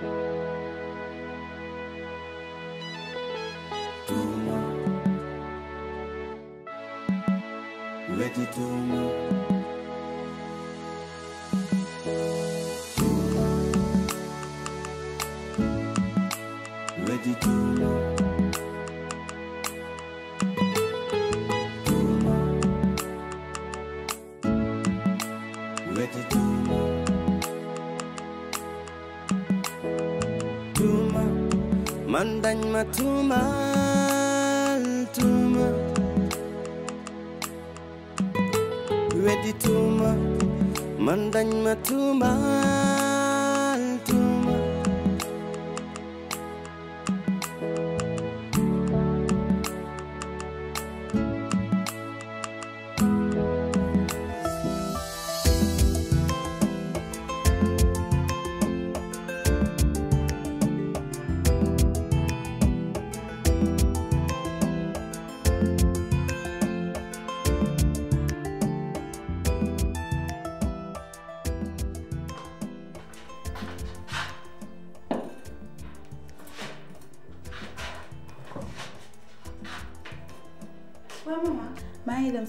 thank you Mandanyma tumal tuma Ready tuma Mandanyma tumal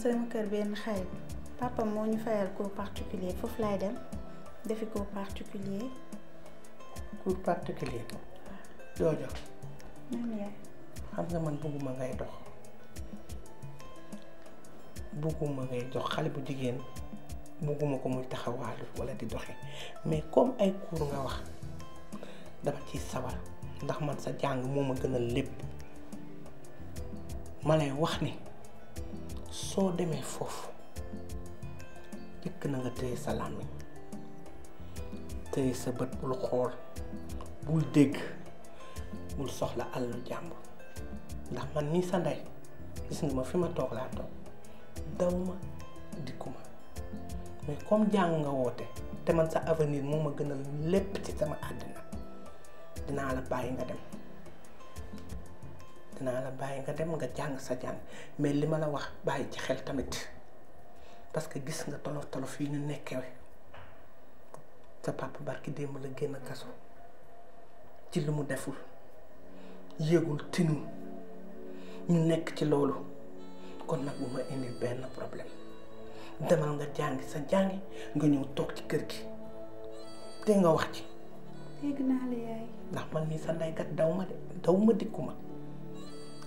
seen kër benn xarit papa moo ñu fayal cours particulier foofu laay dem defi ko particulier cours particulier joojo xam nga man bëgguma ngay dox bëgguma ngay dox xale bu jigéen bëgguma ko muy taxawaalu walla di doxe mais comme ay cours nga wax dama ciy sawar ndax man sa jàng moo ma gënal lépp ma lay wax ni soo demee foofu jëkk na nga téye sa làmmiñ téye sa bët bul xool bul dégg bul soxla àllu jàmbur ndax man nii sa ndey gis nga ma fi ma toog laa toog daw ma dikku ma mais comme jàng nga woote te man sa avenir moo ma a lépp ci sama àddina dinaa la bàyyi nga dem naa la bàyyi nga dem nga jàng sa jàng mais li ma la wax bàyyi ci xel tamit parce que gis nga tolof tolof yi ñu nekkee sa papa barki démb la génn kaso ci lu mu deful yëgul tinu ñu nekk ci loolu kon nag bu ma indi benn problème demal nga jàngi sa jàngi nga ñëw toog ci kër gi te nga wax ci. dégg naa la yaay. ndax man mii sa ndeykat daw ma de daw ma dikku ma.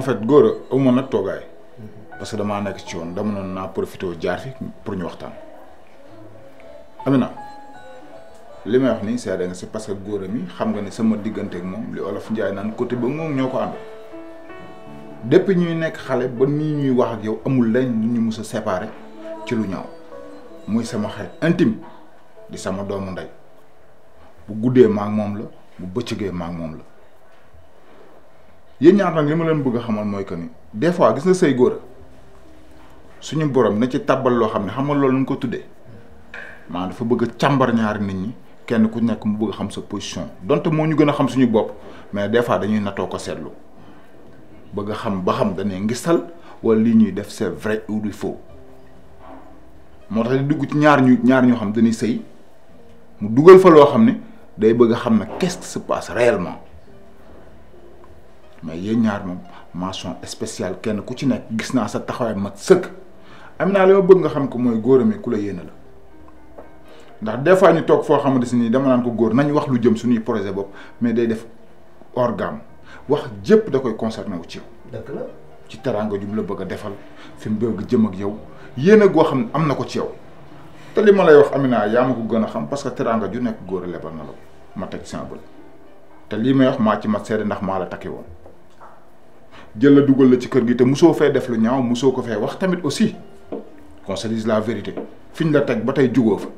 en fait góor a amoon nag toogaay parce que damaa nekk ci yoon dama noonu naa profité jaar fi pour ñu waxtaan. Amina li may wax nii seede nga si parce que góor a mi xam nga ni sama diggante ak moom li olof Njaay naan côté ba moom ñoo ko ànd depuis ñuy nekk xale ba nii ñuy wax ak yow amul lenn ñu ñu mus a ci lu ñaaw muy sama xarit intime di sama doomu ndey bu guddee maak moom la bu bëccëgee maak moom la. yéen ñaar nag li bëgg xamal que ni des fois gis na say goor suñu borom na ci loolu ñu ko dafa bëgg ñaar nit ñi kenn ku nekk mu bëgg xam sa position donte mo ñu xam mais des fois dañuy ko sétlu bëgg xam ba xam wala c'est vrai ou faux motax ci ñaar ñu ñaar xam dañuy mu qu'est-ce qui se passe réellement. mais yéen ñaar moom mention spéciale kenn ku ci nekk gis naa sa taxawaay mat sëkk am naa li ma bëgg nga xam ko mooy góorame ku la yéene la ndax des fois ñu toog foo xamante si nii dama naan ko góor nañ wax lu jëm suñuy projet bopp mais day def organe wax jëpp da koy concerné wu ci yow. ci teraanga ju mu la bëgg a defal fi mu bëgg jëm ak yow yéene goo xam ne am na ko ci yow te li ma lay wax Amina yaa ma ko gën a xam parce que teraanga ju nekk góor lebal na la teg sama te lii may wax maa ci mat seede ndax maa la takki woon. jël la dugal la ci kër gi te musoo fee def lu ñaaw musoo ko fee wax tamit aussi qu'on se dise la vérité fiñ ñu la teg ba tey jugoo fa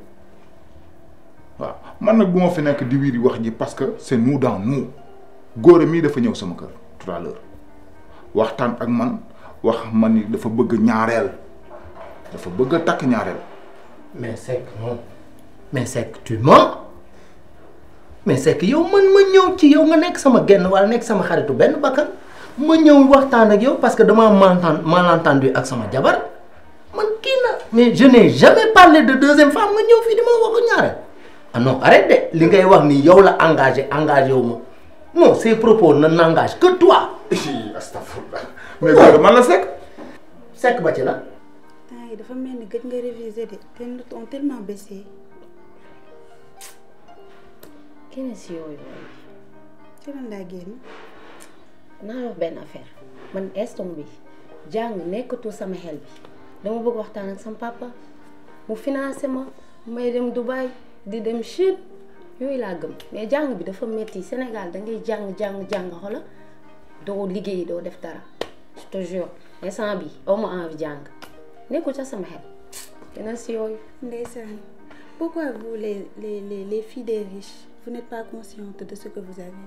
waaw man nag bu ma fi nekk di wiiri wax ji parce que c'est nous dans nous góor mii dafa ñëw sama kër tout à l'heure waxtaan ak man wax man ni dafa bëgg ñaareel dafa bëgg takk ñaareel. mais Seck non mais Seck tu mens mais Seck yow man ma ñëw ci yow nga nekk sama genn war a nekk sama xaritu benn bakkan. ma ñëw waxtaan ak yow parce que dama malentendu ak sama jabar ma kii na mais je jamais parlé de deuxième femme nga ñëw fii di ma wax ñaareel ah non arrête de li ngay wax ni yow la engagé engagé wu ma non ces propos ne n'engagent que toi. astafurlah mais loolu man sekk. sekk ba ci la. temps yi dafa mel ni na nga révisé de te nous ont tellement baissé. kenn naa wax benn affaire man instant bi jàng nekkatul sama xel bi dama bëgg waxtaan ak sama papa mu financé ma may dem Dubai, di dem Chine yooyu laa gëm mais j'ang, bi dafa metti Sénégal da ngay J'ang, j'ang, j'ang, xoola Do liggéey do def dara je te jure instant bi au moins envie j'ang. nekkul ca sama xel dina si yooyu. ndeysaan pourquoi vous les les les les filles des riches vous n'êtes pas consciente de ce que vous avez.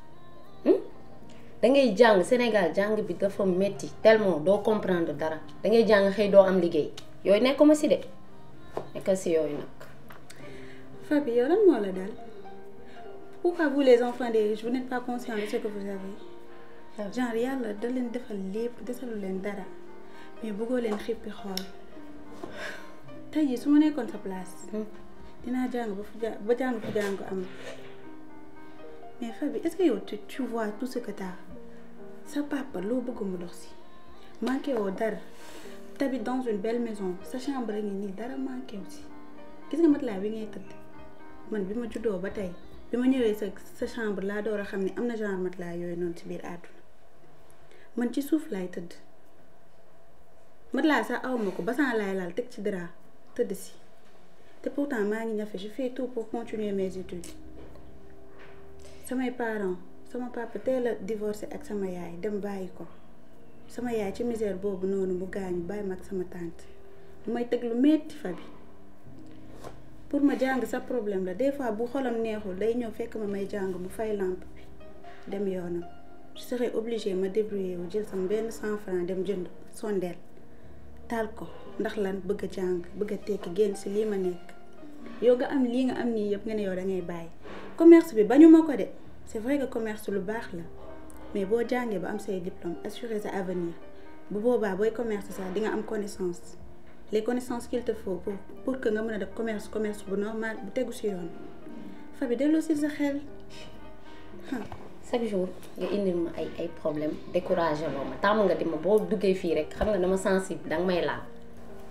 Hmm? da ngay jàng Sénégal jàng bi dafa metti tellement doo comprendre dara da ngay jàng xëy doo am liggéey yooyu nekkuma si de nekk si yooyu nag. Fabi yow lan moo la daal pourquoi vous les enfants ah. leen defal lépp desalu leen dara mais bëggoo leen xippi xool tey jii su ma nekkoon sa place. Hmm. dinaa jàng ba fu ja ba jàng fu jàng am. mais Fabi est-ce que tu vois tout ce que tu as? papa manqué dans une belle maison sa chambre dara manqué aussi. gis nga ngay man bima ma batay. Bima ñewé sa chambre la genre matla yoy non ci bir man ci souf lay teud. Matla sa awmako basan lay ci te pourtant ngi je fais tout pour continuer mes études. samay parents sama papa teel la divorcé ak sama yaay dem bàyyi ko sama yaay ci misère boobu noonu mu gaañu bàyyi ma ak sama tante may teg lu metti fa bi pour ma jàng sa problème la des fois bu xolam neexul day ñëw fekk ma may jàng mu fay lampe bi dem yoonam je serais obligée ma débrouiller wu jël sama benn cent franc dem jënd sondeel taal ko ndax lan bëgg a jàng bëgg a tekki génn si lii ma nekk yow nga am lii nga am nii yëpp nga ne yow da bàyyi commerce bi bañu ko c'est vrai que le commerce le bar mais si tu as am diplôme assurer un avenir tu as un commerce ça, dinga, connaissance les connaissances qu'il te faut pour que tu aies un commerce commerce normal tu as ci Fabi chaque jour il y a ay problème découragé loo sensible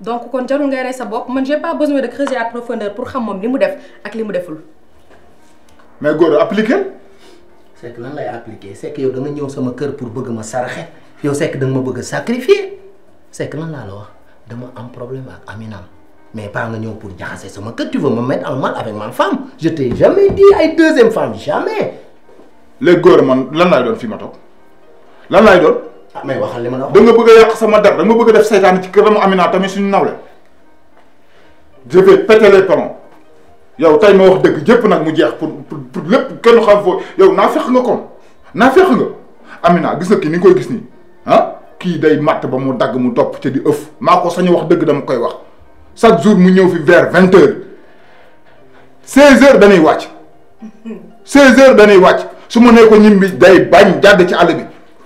donc quand tu as rey sa bopp man j'ai pas besoin de creuser à profondeur pour xam moom li mu def ak li mu deful. mais góor appliquer c'est que lan lay appliqué c'est que yow da nga ñëw sama kër pour bëgg ma saraxe yow c'est que da nga ma bëgg sacrifier c'est que lan laa la wax dama am problème ak Amina mais pas nga ñëw pour jaxase sama kër tu veux me mettre en mal avec ma femme je t'ai jamais dit ay deuxième femme jamais. Les góor man lan laay doon fi ma toog lan laay doon. ah mais waxal li ma la wax. da nga bëgg a yàq sama der da nga bëgg a def seytaane ci këram Amina tamit suñu nawle. je vais péter les plombs yow de temps. wax dëgg jëpp nag mu jeex pour pour lépp kenn xam foo yow naa fex nga kon naa fex nga Amina tu nga kii ni nga koy gis nii ah un peu matt ba mu dagg mu topp ca di ëf maa ko sañu wax dëgg dama koy wax chaque jour mu ñëw fi vers vingt tu seize heures dañuy wàcc seize heures dañuy wàcc su ma nee ko ñim bi day bañ jàdd ci àll bi.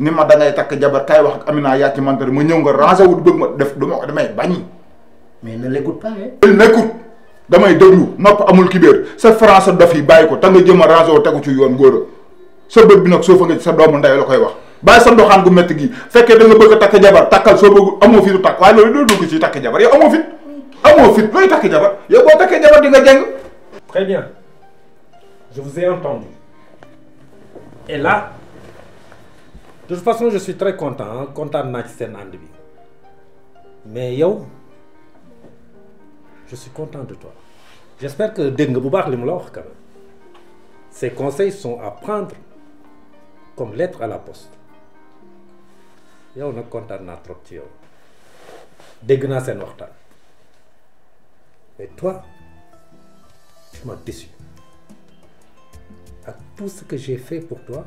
ni ma da ngay tak jabar kaay wax ak Amina ya ci mantere ma ñew nga rangé wut bëgg ma def du ma damay bañ. mais ne l'écoute pas il hein. n'écoute damay déglu nopp amul kibeer sa france dof yi bayiko ta nga jëm a rangé woo ci yoon góor sa bët bi nak soo fa nga sa doomu nday la koy wax bàyyi sa ndoxaan gu metti gi fekke da nga bëgg tak jabar takal so bëgg amo fit du takk waaye loolu doo dugg ci tak jabar yow amo fit amo fit loy tak jabar yow bo tak jabar di nga jeng très bien je vous ai entendu et là de toute façon je suis très content hein. content naa ci seen mais yo, je suis content de toi j'espère que dégg Limlor, quand même ces conseils sont à prendre comme lettre à la poste yow on content content trop ci yow dégg Et mais toi tu m'as déçu À tout ce que j'ai fait pour toi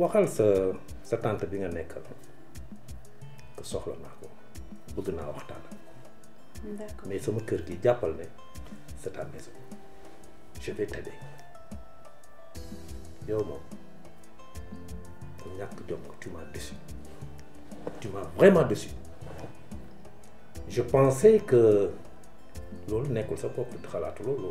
waxal sa sa tante bi nga nekkal que soxla naa ko bëgg naa waxtaan d'accord mais sama kër gi jàppal ne c'est ta maison je vais t'aider yow moom ku ñàkk jom tu m'as déçu tu m'as vraiment déçu je pensais que loolu nekkul sa bopp xalaatu loolu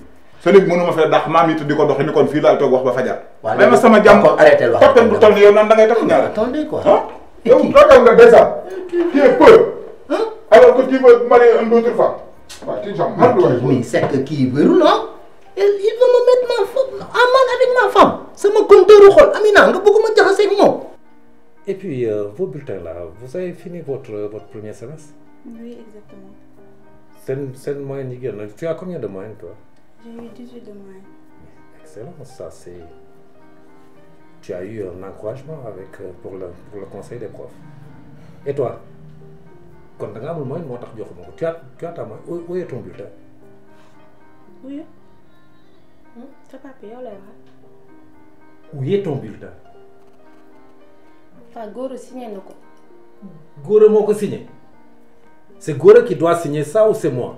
sëriñ mënu ma fa dakh mamit diko di ko ni kon fi la tok wax ba fajar. mais ma sama jàmm arrêté wax toppal bu toll yow nan da ngay toog ñaar. attendez quoi ah. yow ragal nga déjà. tu es peur. Hein? alors que tu veux marier un autre femme. waaw tu jam mais c'est que kii wérul ah. il veut me mettre ma femme en mal avec ma femme. sama compteur xol Amina nga bëgg ma jaxasee ak moom. et puis euh, vos bulletins là vous avez fini votre votre premier semestre. oui exactement. seen seen moyenne yi génn tu as combien de moyenne toi. J'ai eu 18 de moyenne. Excellent, ça c'est... Tu as eu un encouragement avec, euh, pour, le, pour le conseil des profs. Et toi Quand tu as le moyen, tu as, tu as ta moyenne. Où, où est ton bulletin Oui. Hum, n'as pas payé, là. Hein. Où est ton bulletin Enfin, Goro signé. Goro m'a signé. C'est Goro qui doit signer ça ou c'est moi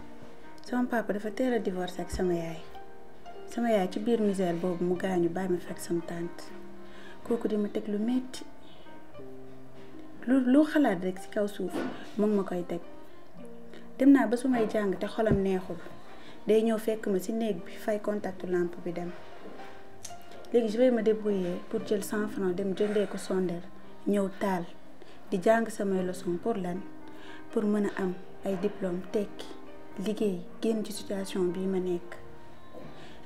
sama papa dafa teel a divorcé ak sama yaay sama yaay ci biir misère boobu mu gaañu bàyyi ma fekk sama tante kooku di ma teg lu metti lu lu xalaat rek ci kaw suuf mu ma koy teg dem naa ba su may jàng te xolam neexul day ñëw fekk ma ci néeg bi fay contactu làmp bi dem léegi je ma me débrouiller pour jël cent francs dem jëndee ko sondeel ñëw taal di jàng samay leçon pour lan pour mën a am ay diplôme tekki liggéey genn ci situation bi ma nekk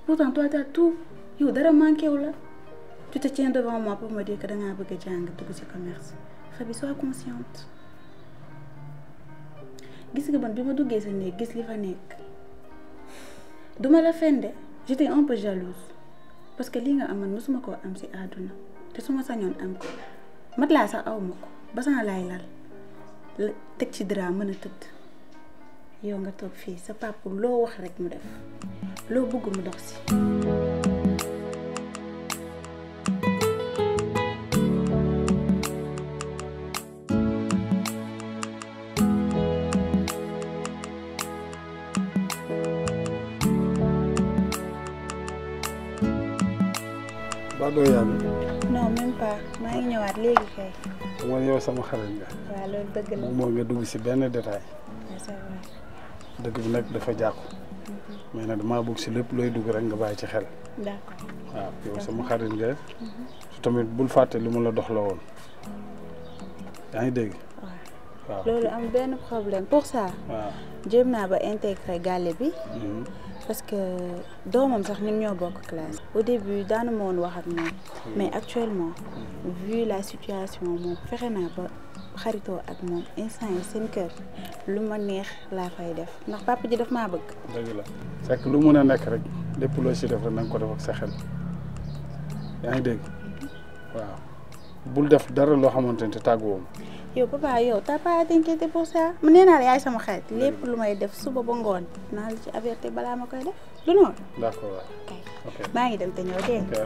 pourtant toi t'as tout yow dara manqué wu la tu te tiens devant moi pour me dire que dangaa bëgg a jàng dugg ci commerce Fabi sois consciente gis nga man bi ma duggee sa néeg gis li fa nekk ma la fende j'étais un peu jalouse parce que lii nga amoon mosuma koo am ci àdduna te su ma sañoon am ko mat laa sax aw ma ko basan laay lal teg ci drap mën a tëdd yow nga tok fi sa pap lo wax rek mu def lo bëgg mu dox si doo yaa non même pas ngi ñëwaat kay. mooy yow sama xarit nga. waaw loolu bëgg na. moom nga dugg détail. dëkk bi nag dafa jàqu mais nak dama bëgg ci lepp loy dugg rek nga bay ci xel. d'accord waaw sama xarit nga. Mhm. su tamit bul faté li la dox la woon yaa ngi dégg. waaw loolu am benn problème pour ça. waaw jéem naa ba intégrer gàlle bi. Mhm. parce que doomam sax ñun ñoo bokk classe. au début daanu ma woon wax ak moom. Mhm. mais actuellement. vu la situation moom fexe naa ba. xaritoo ak moom instant yi seen kër lu ma neex laa fay def ndax papa ji def maa bëgg. dëgg la fekk lu mun a nekk rek lépp loo si def rek na ko def ak sa xel yaa ngi dégg waaw bul def dara loo xamante ne tàgguwoom. yow papa yow t'as pas à naa la yaay sama xarit lépp lu may def suba ba ngoon naa la ci avertir balaa ma koy def du noonu. maa ngi dem te ñëw dégg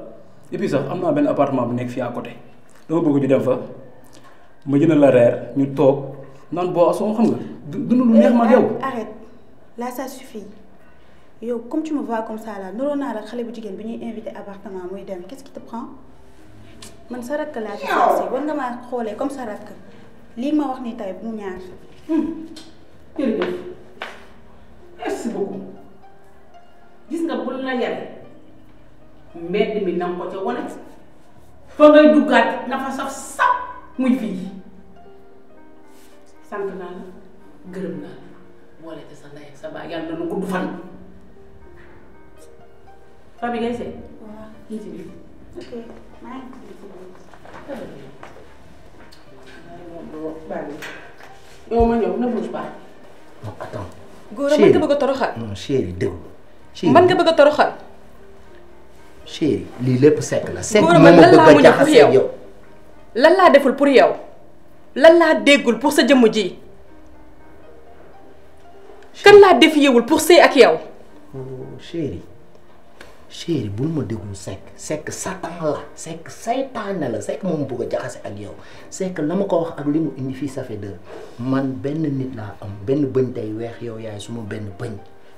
et puis sax am naa benn appartement bu nekk fii à côté dama bëgg ñu dem fa ma jënd la reer ñu toog naan boisson xam nga dund lu neex ma yow. arrête là ça suffit yow comme tu me vois comme ça là niróo naa la xale bu jigéen bi ñuy invité appartement muy dem qu'est-ce qui te prend man sa rakk laa ci si war nga maa xoolee comme sa rakk lii ma wax nii tey bu mu ñaar. Hmm. jërëjëf merci beaucoup gis nga bu la yare mbedd mi nang ko ca wonet fa ngay na fa sap muy fi sant na la geureum na la boole te sa nday sa ba yalla na gudd fan bi ngay seet waaw ci ok ngi ci ma pas attends man nga bëgg toroxal non chérie man nga bëgg toroxal chérie lii lépp sekk la. sekk moom a bëgg a jaxase yow laa deful pour yow lan laa déggul pour sa jëmm ji kan laa defiyewul pour sëy ak yow. Oh, chérie bul ma déglu sekk sekk satan la sekk saytaane la sekk moom bëgg a jaxase ak yow sekk la ma ko wax ak li mu indi fii ça fait deux man benn nit laa am benn bëñ tey weex yow yaay suma benn bëñ.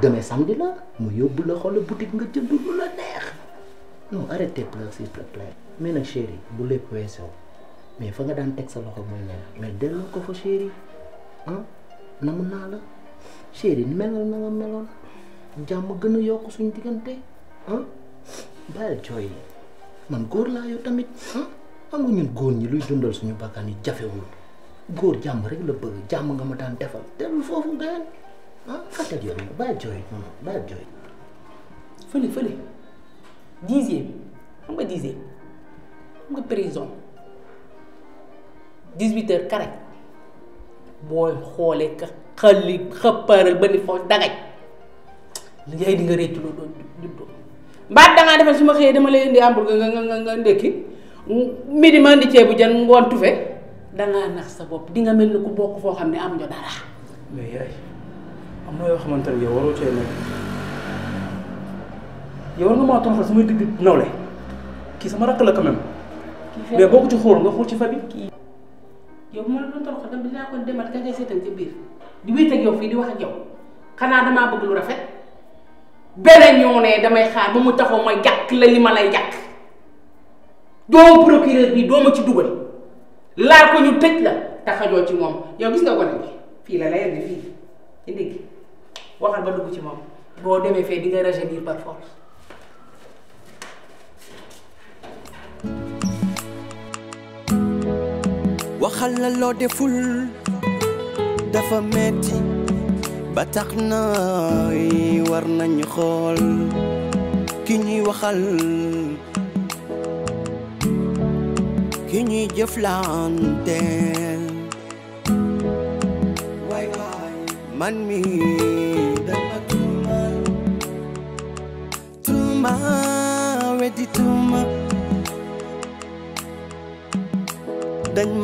demain samedi la mu yobul la xol boutique nga jënd lu la neex non arrêtez pleur s'il te plaît mais nag chéri bu lepp weesoo mais fa nga daan tek sa loxo muy neex mais delloo ko fa chéri ah namu na la chéri mel na nga meloon jamm gëna yok yokk suñ diggante ah bàyyil man góor la yow tamit hein ah, amu ñun goor ñi luy dundal suñu bakkan yi jafewul goor jamm rek la bëgg jamm nga ma daan defal dellul fofu gayen ah fàttali yooyu bàyyi jooy bàyyi jooy fële fële dixième xam nga dixième xam nga prison dix-huit heures booy xoolee ka xali xëppaaral ba ni foofu dangay li di nga réccu loo doon juddoo mbaat dangaa defal su ma xëyee dama lay indi hamburger nga nga nga ndékki midi ma indi ceebu jën ngoon tufe dangaa nax sa bopp di nga mel ni ku bokk foo xam ne amuñu dara mais am na yoo xamante ne yow waroo cee nekk yow war nga maa tontal samay digg nawle kii sama rakk la quand même. mais boo ko ci xool nga xool ci fabi. yow bu ma la doon toroxal dem dinaa ko demal ka ngay seetaan ci biir di wéet ak yow fii di wax ak xanaa damaa lu rafet beneen ñoo ne damay xaar ba mu taxaw ma la ma lay jàkk doomu bi dooma ci dugal laal ko ñu tëj la taxajoo ci moom yow gis nga gone bi fii la lay indi fii ci ndigg waxal ba la loo deful dafa metti ba tax na war nañu xool ki ñuy waxal ki ñuy jëflanteel waay waay man mi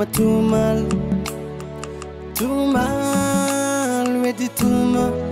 tout mal, tout mal, lui dit tout mal.